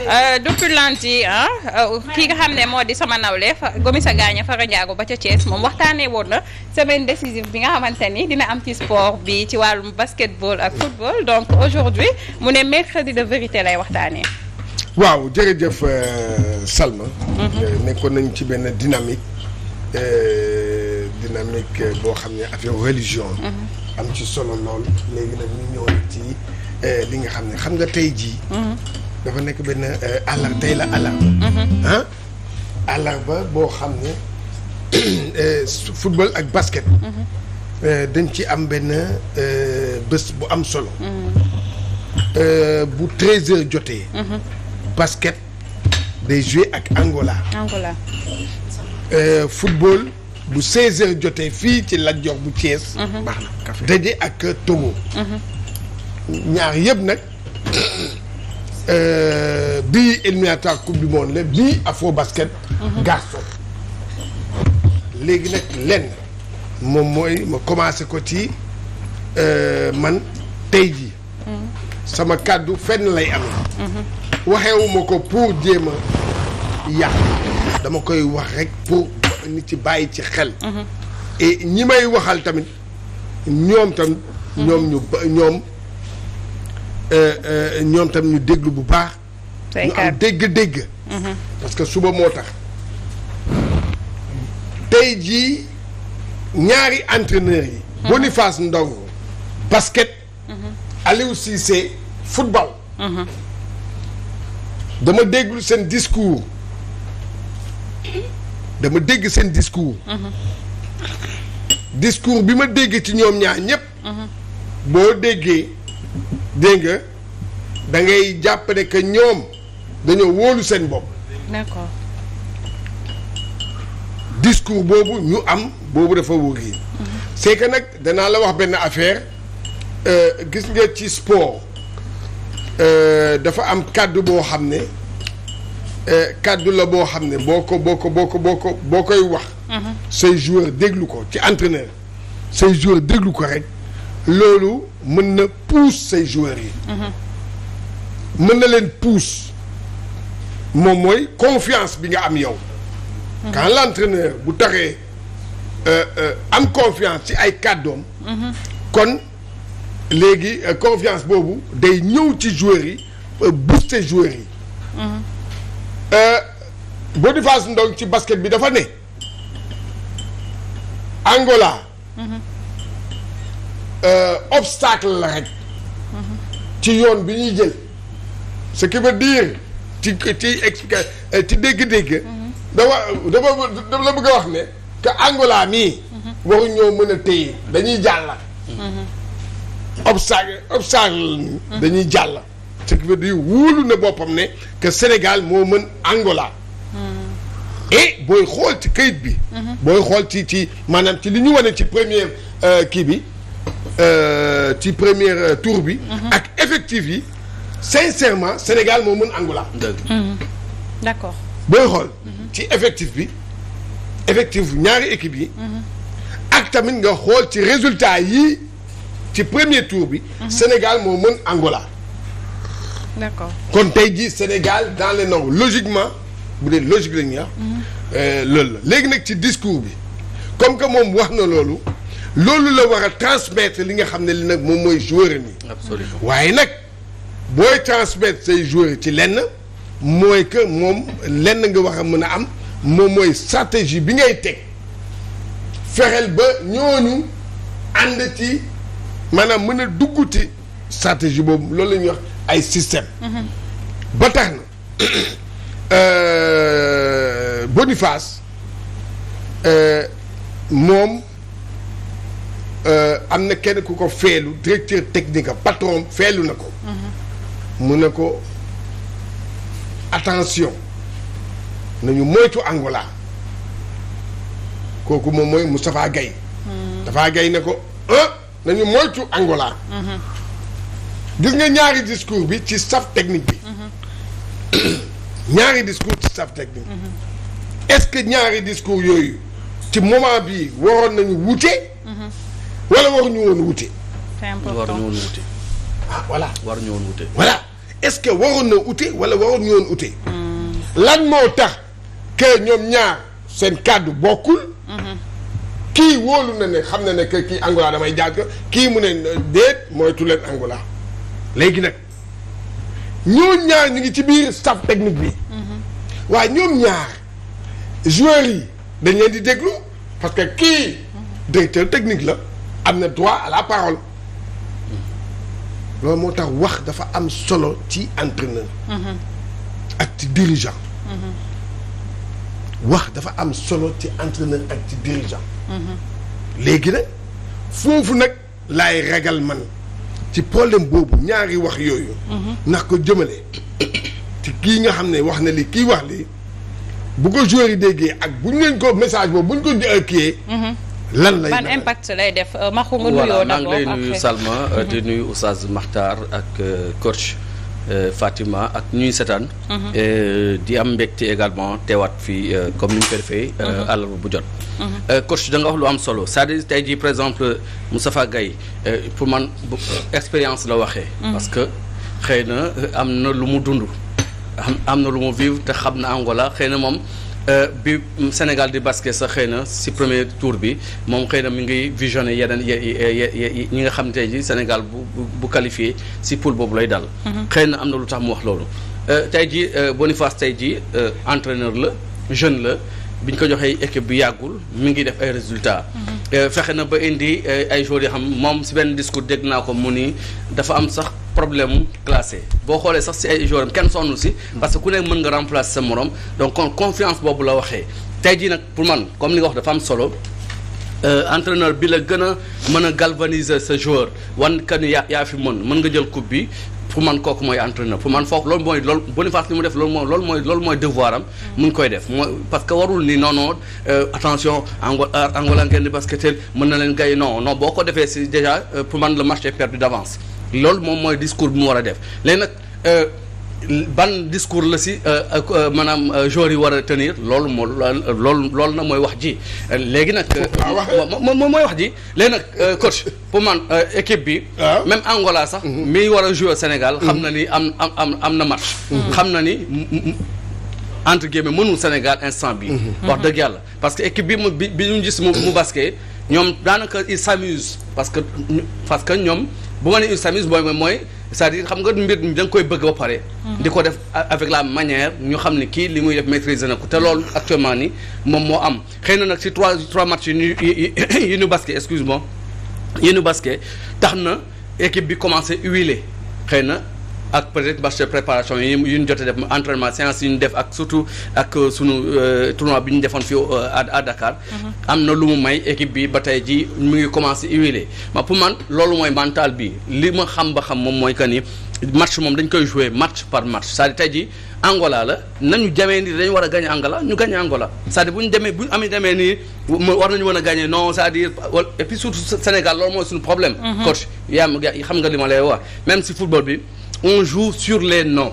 Euh, Dukulant yi ah euh, ki nga xam ne moo di sama nawle Gomisa Gaaña Fara Ndiago ba ca Thiès moom waxtaanee woon na semaine décisive bi nga xamante ni dina am ci sport bi ci wàllum basketball ak football donc aujourd'hui mu ne mercredi de vérité lay waxtaanee. waaw jërëjëf euh, Salma. Mhm. nekkoon nañ ci benn dynamique. dynamique boo xam ne affaire religion mhm. am ci solo lool léegi nag ñu ñëw ci li nga xam ne xam nga tey jii. Mhm. dafa nekk benn euh, àllar tey la mm-hmm. ah? àllarba. boo xam ne euh, football ak basket. Mm-hmm. Euh, dañ ci am benn bés bu am solo. Mm-hmm. bu treize heures jotee. basket day joué ak Angola. Angola. football bu seize heures jotee fii ci Lat Dior bu Thiès. daje ak Togo. ñaar yëpp nag. Euh, bii éliminatoire coupe du monde la bii afro basket. Mhm. garçon léegi nag lenn moom mooy ma commencé ko ci euh, man tey jii. Mhm. sama kàddu fenn lay amee. Mhm. waxewuma ko pour jéem a yàq dama koy wax rek pour nit ci bàyyi ci xel. ñi may waxal tamit ñoom tam ñoom ñu ñoom. Euh, euh, ñoom tam ñu déglu bu baax. ñu am dégg-dégg. Mhm. parce que suba moo tax. tey ji ñaari entraîneurs yi. Mhm. Boniface Ndongo basket. Mhm. Aliou Cissé football. dama déglu seen discours. dama dégg seen discours. discours bi ma dégg ci ñoom ñaar ñëpp. boo déggee. dégg nga da ngay jàpp que ñoom dañoo wóolu seen bopp. d'accord. discours boobu ñu am boobu dafa wóoree. Mm-hmm. c'est que nag danaa la wax benn affaire euh, gis nga ci sport euh, dafa am kàddu boo xam ne euh, kàddu la boo xam ne boo ko boo ko boo ko boo ko boo koy wax. Mm-hmm. say joueur déglu ko ci entraîneur say joueur déglu ko rek. loolu mën na pousse say joueurs yi. Mm-hmm. mën na leen pousse moom mooy confiance bi nga am yow. Mm-hmm. quand l'entraîneur bu taxee euh, euh, am confiance ci ay kàddoom. Mm-hmm. kon léegi euh, confiance boobu day ñëw ci joueurs yi booster joueurs yi. Boniface Ndong ci basket bi dafa ne. Angola. Euh, obstacle la rek ci yoon bi ñuy jël ce qui veut dire ci ci expliqué euh, ci dégg-dégg dafa dafa dafa la bëgg a wax ne que Angola mii waru mën a téye dañuy jàll obstacle obstacle dañuy jàll ce qui veut dire wóolu na boppam ne que Sénégal moo mën Angola et booy xool ci kayit bi booy xool ci ci maanaam ci li ñu wane ci première euh, kii bi Euh, ci première euh, tour bi. Mhm. ak effectif yi sincèrement Sénégal moo mën Angola. d' mhm. accord booy xool. Mhm. ci effective bi effectif ñaari équipe yi. ak tamit nga xool ci résultat yi ci premier tour bi. Sénégal moo mën Angola. d' kon tey jii Sénégal dans les normes logiquement bu dee logique la ñuy wax. Euh, loolu la léegi nag ci discours bi comme que moom wax na loolu. loolu la wax a transmettre li nga xam ne li nag moom mooy joueur nii waaye nag booy transmettre say joueur ci lenn mooy que moom lenn nga wax a mën a am moom mooy stratégie bi ngay teg fexeel ba ñooñu ànd ci maanaam mën a dugg ci stratégie boobu loolu la wax ay système mhm. ba tax na euh, Boniface euh, moom Euh, am na kenn ku ko feelu directeur technique a patron feelu na ko mhm. mu ne ko attention nañu moytu Angola kooku moom mooy Moustapha Gaye mhm. Moustapha Gaye ne ko ah nañu moytu Angola mhm. gis nga ñaari discours bi ci staff technique bi ñaari discours ci staff technique est-ce que ñaari discours yooyu ci moment bi waroon nañu wute wala waruñu woon wute. c'est waruñu woon wute. ah voilà waruñu woon wute. voilà est-ce que waroon na wute wala waruñu woon wute. Hmm. lan moo tax que ñoom ñaar seen kàddu bokkul. Hmm. kii wóolu na ne xam na ne que kii Angola damay jàgg kii mu ne déet moytu leen Angola léegi nag ñoo ñaar ñu ngi ci biir staff technique bi. Hmm. waaye ñoom ñaar joueurs yi dañ leen di déglu parce que kii directeur technique la. am na droit à la parole loolu moo tax wax dafa am solo ci entraîneur ak ci dirigeant wax dafa am solo ci entraîneur ak ci dirigeant léegi nag foofu nag lay ragal man ci problème boobu ñaari wax yooyu ndax ko jëmale ci kii nga xam ne wax na li kiy wax lii bu ko joueur yi déggee ak bu ñu leen ko message boobu bu ñu ko kiyee lan lay ban impact lay def euh, maxu nga nuyoo d'abord lay nuyu Salma euh, di mhm. nuyu Oustaz Makhtar ak euh, coach Fatima ak ñuy setaan mhm. di am mbégte également teewaat fii comme ni ñu ko defee mhm. bu jot coach da wax lu am solo cest à tey jii par exemple Moustapha Gaye pour man expérience la waxee parce que xëy na am na lu mu dund am na lu mu vivre te xam na Angola xëy na moom Euh, bi Sénégal di basket sax xëy na si premier tour bi moom xëy na mu ngi visionné yeneen ñi nga xam tey ji Sénégal bu bu qualifié si poule boobu lay dal. Mm-hmm. xëy na am na lu tax mu wax loolu. Euh, tey ji euh, Boniface tey ji entraîneur la jeune la. bi ñu ko joxee équipe bi yàggul mi ngi def ay résultat résultats. Mhm. Euh, fexe na ba indi euh, ay joueurs yoo xam moom si benn discours dégg naa ko mu nii dafa am sax problème classé boo xoolee sax si ay joueurs kenn sonnul si. parce que ku nekk mën nga remplacer sa morom donc kon confiance boobu la waxee. tey jii nag pour man comme li nga wax dafa am solo euh, entreneur bi la gën a mën a galvaniser sa joueur wan ka ni yaa yaa fi mën mën nga jël coupe bi. pour man kooku mooy entraîneur pour man foofu loolu mooy loolu Boniface li mu def loolu mooy loolu mooy loolu mooy devoir am mm. mu ngi koy def mooy parce que warul ni non euh, attention Ango euh, Angola ngeen di basketteel mën na leen gay non non boo ko defee si déjà euh, pour man le match est perdu d'avance loolu moom mooy discours bi mu war a def léegi nag ban discours la si euh, euh, maanaam euh, joueurs yi war a tenir loolu moo lool loolu nag mooy wax ji léegi nag. Ah, moom mooy wax ji léegi nag coach pour man équipe bi. Ah. même Angola sax. Mhm. mi war a jouer Sénégal. xam na mhm. ni am am am na match. Mhm. xam na ni entre guillemets mënul Sénégal instant bi wax dëgg yàlla parce que équipe bi mu bi bi ñu gis mu mu ñoom daanaka ils s'amusent parce que parce que ñoom bu ma nee ils s'amusent mooy mooy. c'est-à-dire xam nga mbir mi da koy bëgg ba pare. Mm-hmm. di ko def avec la manière ñu xam ne kii li muy def maitriser na ko te loolu actuellement ni moom moo am xëy na nag si trois trois matchs yu ñu yu ñu basket excuse moi yu ñu basket tax na équipe bi commencé huiler xëy na. ak peut-être match préparation yi yu ñu jotee def entraînement séance yu ñu def ak surtout ak sunu euh, tournoi bi ñu defoon fii euh, à Dakar. Mhm. am na lu mu may équipe bi ba tey ji mu ngi commencé huiler ma pour man loolu mooy mental bi li ma xam ba xam moom mooy que ni match moom dañ koy jouer match par match c'est-à-dire ji Angola la nañu jamee nii dañu war a gagné Angola ñu gagné Angola c'est-à-dire bu ñu demee bu ñu amee demee nii war nañu mën a gagné non c'est-à-dire et puis surtout Sénégal loolu mhm. ma lay wax même si football on joue sur les noms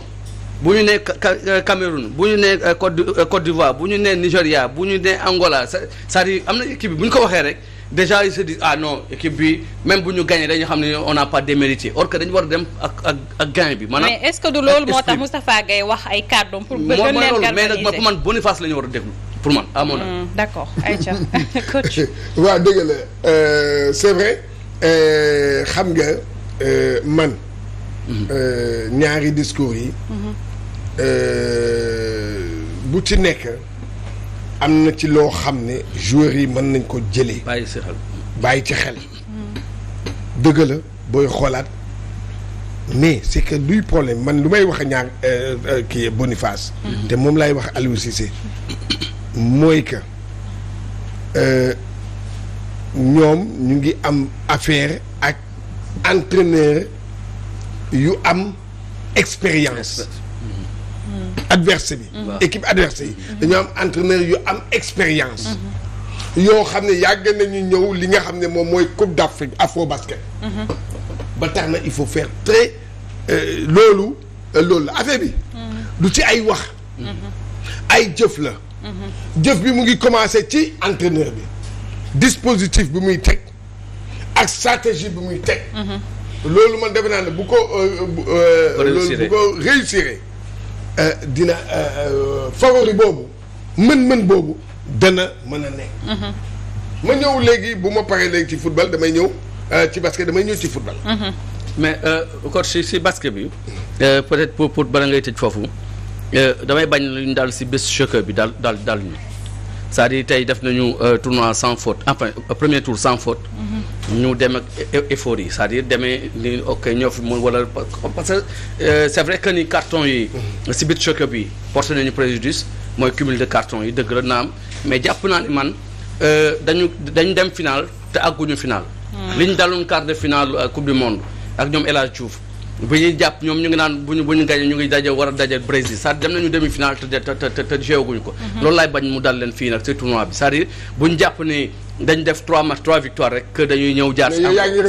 bu ñu nee euh, Cameroun bu ñu nee euh, euh, Côte d'Ivoire bu ñu nee Nigéria bu ñu nee Angola sa à dire am na équipe bi bu ñu ko waxee rek déjà ils se disent ah non équipe bi même bu ñu gagné dañu xam ne on n'a pas démérité or que dañu war a dem ak ak ak gain bi. maanaam mais ce que du loolu moo tax Moustapha Gueye wax ay kàddoom pour ba gën leen galvaniser mais nag man pour man Boniface la ñu war a déglu pour man à mon avis. Hmm, d'accord Aïcha coach. waaw dëgg la c'est vrai xam nga man. ñaari discours yi. Euh, bu ci nekk am na ci loo xam ne joueurs yi mën nañ ko jële bàyyi ci xel bàyyi ci xel. dëgg la booy xoolaat mais c'est kë luy problème man lu may wax a ñaar euh, euh, kii Boniface. te moom laay wax Aliou Cissé mooy que ñoom ñu ngi am affaire ak entraîneur. yu am expérience mm-hmm. adverse bi mm-hmm. Mm-hmm. équipe adverse yi dañoo am entraîneur yu am expérience yoo xam ne yàgg nañu ñëw li nga xam ne moom mooy coupe d'Afrique afro basket ba tax na il faut faire très euh, loolu euh, loolu la affaire bi lu ci ay wax ay jëf la jëf bi mu ngi commencé ci entraîneur bi dispositif bi muy teg ak stratégie bi muy teg loolu ma defe naa ne bu ko. Euh, euh, loolu bu ko réussir euh, dina favori boobu mën-mën boobu dana mën a nekk. Mhm. ma ñëw léegi bu ma paree léegi ci football damay ñëw ci basket damay ñëw ci football. Mhm. mais coach si si basket bi peut-être pour pour bala ngay tëj foofu damay bañ luñ daal si bés choqueur bi daal daal daal ñu c'est-à-dire tey def nañu tournoi cent faute enfin premier tour sans faute. Mhm. ñu dem ak effort yi cest dire demee ni ok ñoo fi mu wala parce que euh, c'est vrai que ni carton yi mm-hmm. si biir choc bi porté nañu préjudice mooy cumul de carton yi dëgg la naam mais jàpp naa ni man euh, dañu dañ dem final te àgguñu final mm-hmm. liñ daloon quart de finale euh, coupe du monde ak ñoom El Hadj Diouf bu ñuy jàpp ñoom ñu ngi naan bu ñu bu ñu ngi daje war a daje Brésil saa dem nañu demi final te te te te joué guñu ko. Mhm. loolu laay bañ mu dal leen fii nag ci tournoi bi cest à bu ñu jàpp ni dañ def trois matchs trois victoires rek que dañuy ñëw jaar. mais yow yaa ngi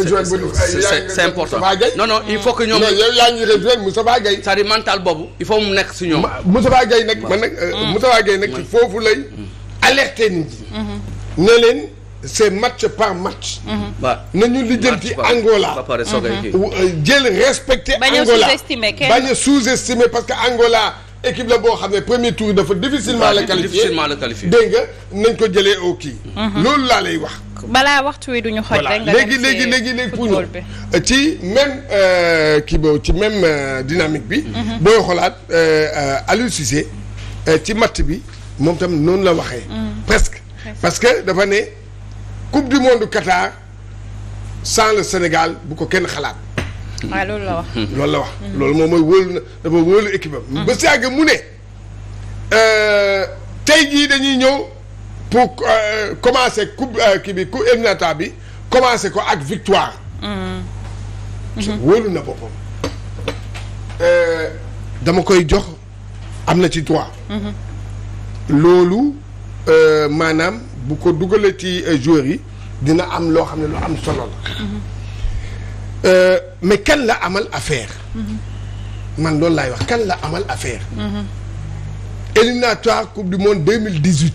c'est important non non il faut que ñoom. boobu il faut mu nekk si ñoom. Moustapha Gueye nag man nag euh, mm. Moustapha Gueye nag mm. foofu lay mm. alerter nit ñi. Mm-hmm. ne leen. c'est match par match. Mm-hmm. nañu lijjanti Angola. ba pare mm-hmm. euh, jël respecté. Angola bañ a sous-estimer parce que Angola équipe la boo xam ne premier tour dafa difficilement la qualifié difficilement la qualifié dégg nga nañ ko jëlee au kii. Mm-hmm. loolu laa lay wax. balaa waxtu wi duñu xoj rek nga léegi léegi léegi léegi pour ñu ci même euh, kii boobu ci même euh, dynamique bi. booy xoolaat Aliou Cissé ci matt bi moom tam noonu la waxee. presque parce que dafa ne. coupe du monde Qatar sans le Sénégal bu ko kenn xalaat. waaw loolu la wax. loolu la wax loolu moom mooy wóolu na dafa wóolu équipe am. Mm-hmm. ba sàgg mu ne euh, tey gii dañuy ñëw pour euh, commencer coupe euh, kii bi coupe bi commencer ko ak victoire. Mm-hmm. wóolu na boppam. dama koy jox am na ci droit. Mm-hmm. loolu maanaam. bu ko dugalee ci euh, joueurs yi dina am loo xam ne lu am solo la. Mm-hmm. Euh, mais kan la amal affaire. Mm-hmm. man loolu laay wax kan la amal affaire. Mm-hmm. éliminatoire coupe du monde deux mille dix huit.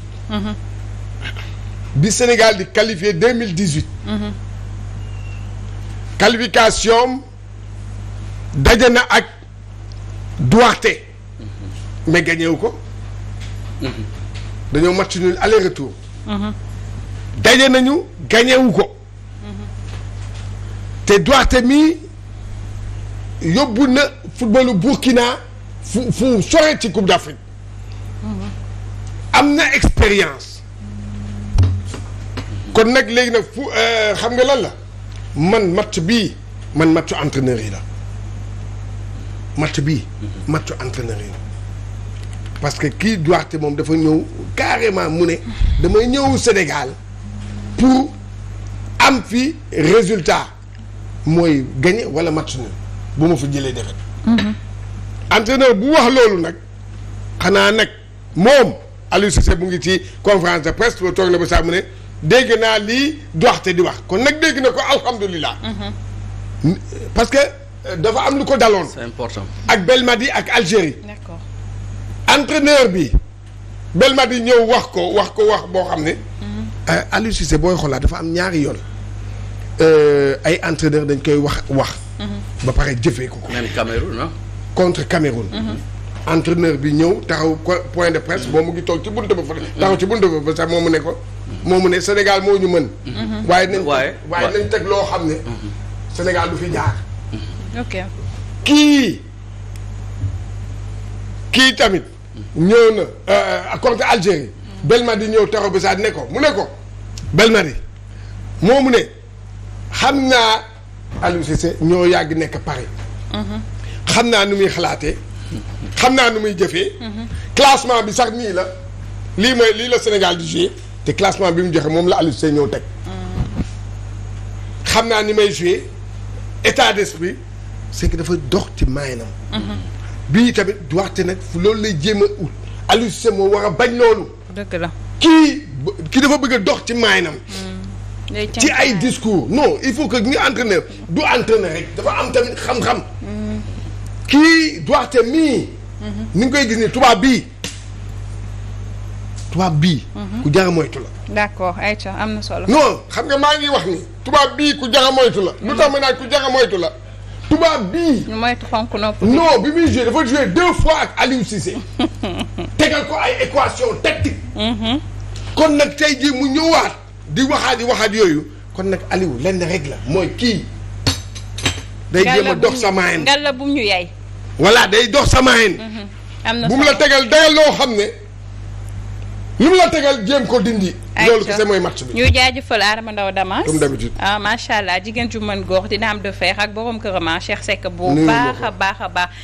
bi Sénégal di qualifié deux mille dix huit. qualification daje na ak Duarte. mais gagné ko. dañoo match nul retour. daje nañu gañewu ko te Duarte mi yóbbu na footballu Burkina fu fu sore ci Coupe d'Afrique am na expérience kon nag léegi nag fu euh, xam nga lan la man match bi man matchu entraîneur yi la match bi matchu entraîneur la parce que kii Duarte moom dafa ñëw carrément mu ne damay ñëw Sénégal pour am fi résultat mooy gagné wala match nul bu ma fa jëlee defet mhm. entraîneur bu wax loolu nag xanaa nag moom Aliou Cissé mu ngi ci conférence de presse ba toog na ba saa mu ne dégg naa lii Duarte di wax kon nag dégg na ko alhamdulilah. Mhm. parce que euh, dafa am lu ko daloon. ak Belmadi ak Algérie. entreneur bi Belmadi ñëw wax ko wax ko wax boo xam ne. Mm-hmm. Euh, Aliou booy xoolaat dafa am ñaari yoon euh, ay entraîneur dañ koy wax wax. Mm-hmm. ba pare jëfee ko ko. même Cameroun non. contre Cameroun. Mm-hmm. entraîneur bi ñëw taxaw point de presse boo mu ngi toog ci buntu ba fa taxaw ci buntu ba sax moo mu ne ko. moo mu ne Sénégal moo ñu mën. waaye nañ waaye waaye nañ teg loo xam ne. Sénégal du fi jaar. ok kii kii tamit. ñëw na euh, contre Algérie mm. Belmadi ñëw Taro Bessade ne ko mu ne ko Belmadi moomu ne xam naa Aliou Cissé ñoo yàgg nekk Paris mm-hmm. xam naa ni muy xalaatee xam naa ni muy jëfee mm-hmm. classement bi sax nii la lii mooy lii la Sénégal di joué te classement bi mu joxe moom la Aliou Cissé ñëw teg mm-hmm. xam naa ni may joué état d'esprit c'est que dafa dox ci maay nam bii tamit Duarte nag fu loolu lay jéem a ut Aliou Cissé war a bañ loolu. dëgg la kii ki dafa bëgg a dox ci maayinam hmm. ci ay discours non il faut que nga entraîneur du entraîneur rek dafa am tamit xam-xam. Hmm. kii Duarte mii. Hmm. ni ngi koy gis ni tubaab bii. tubaab bii. ku jar a moytu la. d'accord Aïcha am na solo. non xam nga maa ngi wax ni. tubaab bii ku jar a moytu la. lu tax ma naan ku jar a moytu la. tubaab bii. non bi muy joué dafa joué deux fois ak Aliou Cissé. tegal ko ay équation tactique. Mhm. kon nag tey jii mu ñëwaat di waxaat di waxaat yooyu kon nag Aliou lenn rek mooy kii. day jéem a dox sama en. ngalla bum ñu yay. voilà day dox sama en. Mhm. am bu mu la tegal dayal loo xam ne. lu mu la tegal jéem ko dindi. loolu kese mooy match bi. ñu jaajëfal Adama Ndao Damas. comme ah macha allah jigéen ju mën góor dina am de fer ak borom kërama ah, Cheikh Seck bu baax a baax a baax.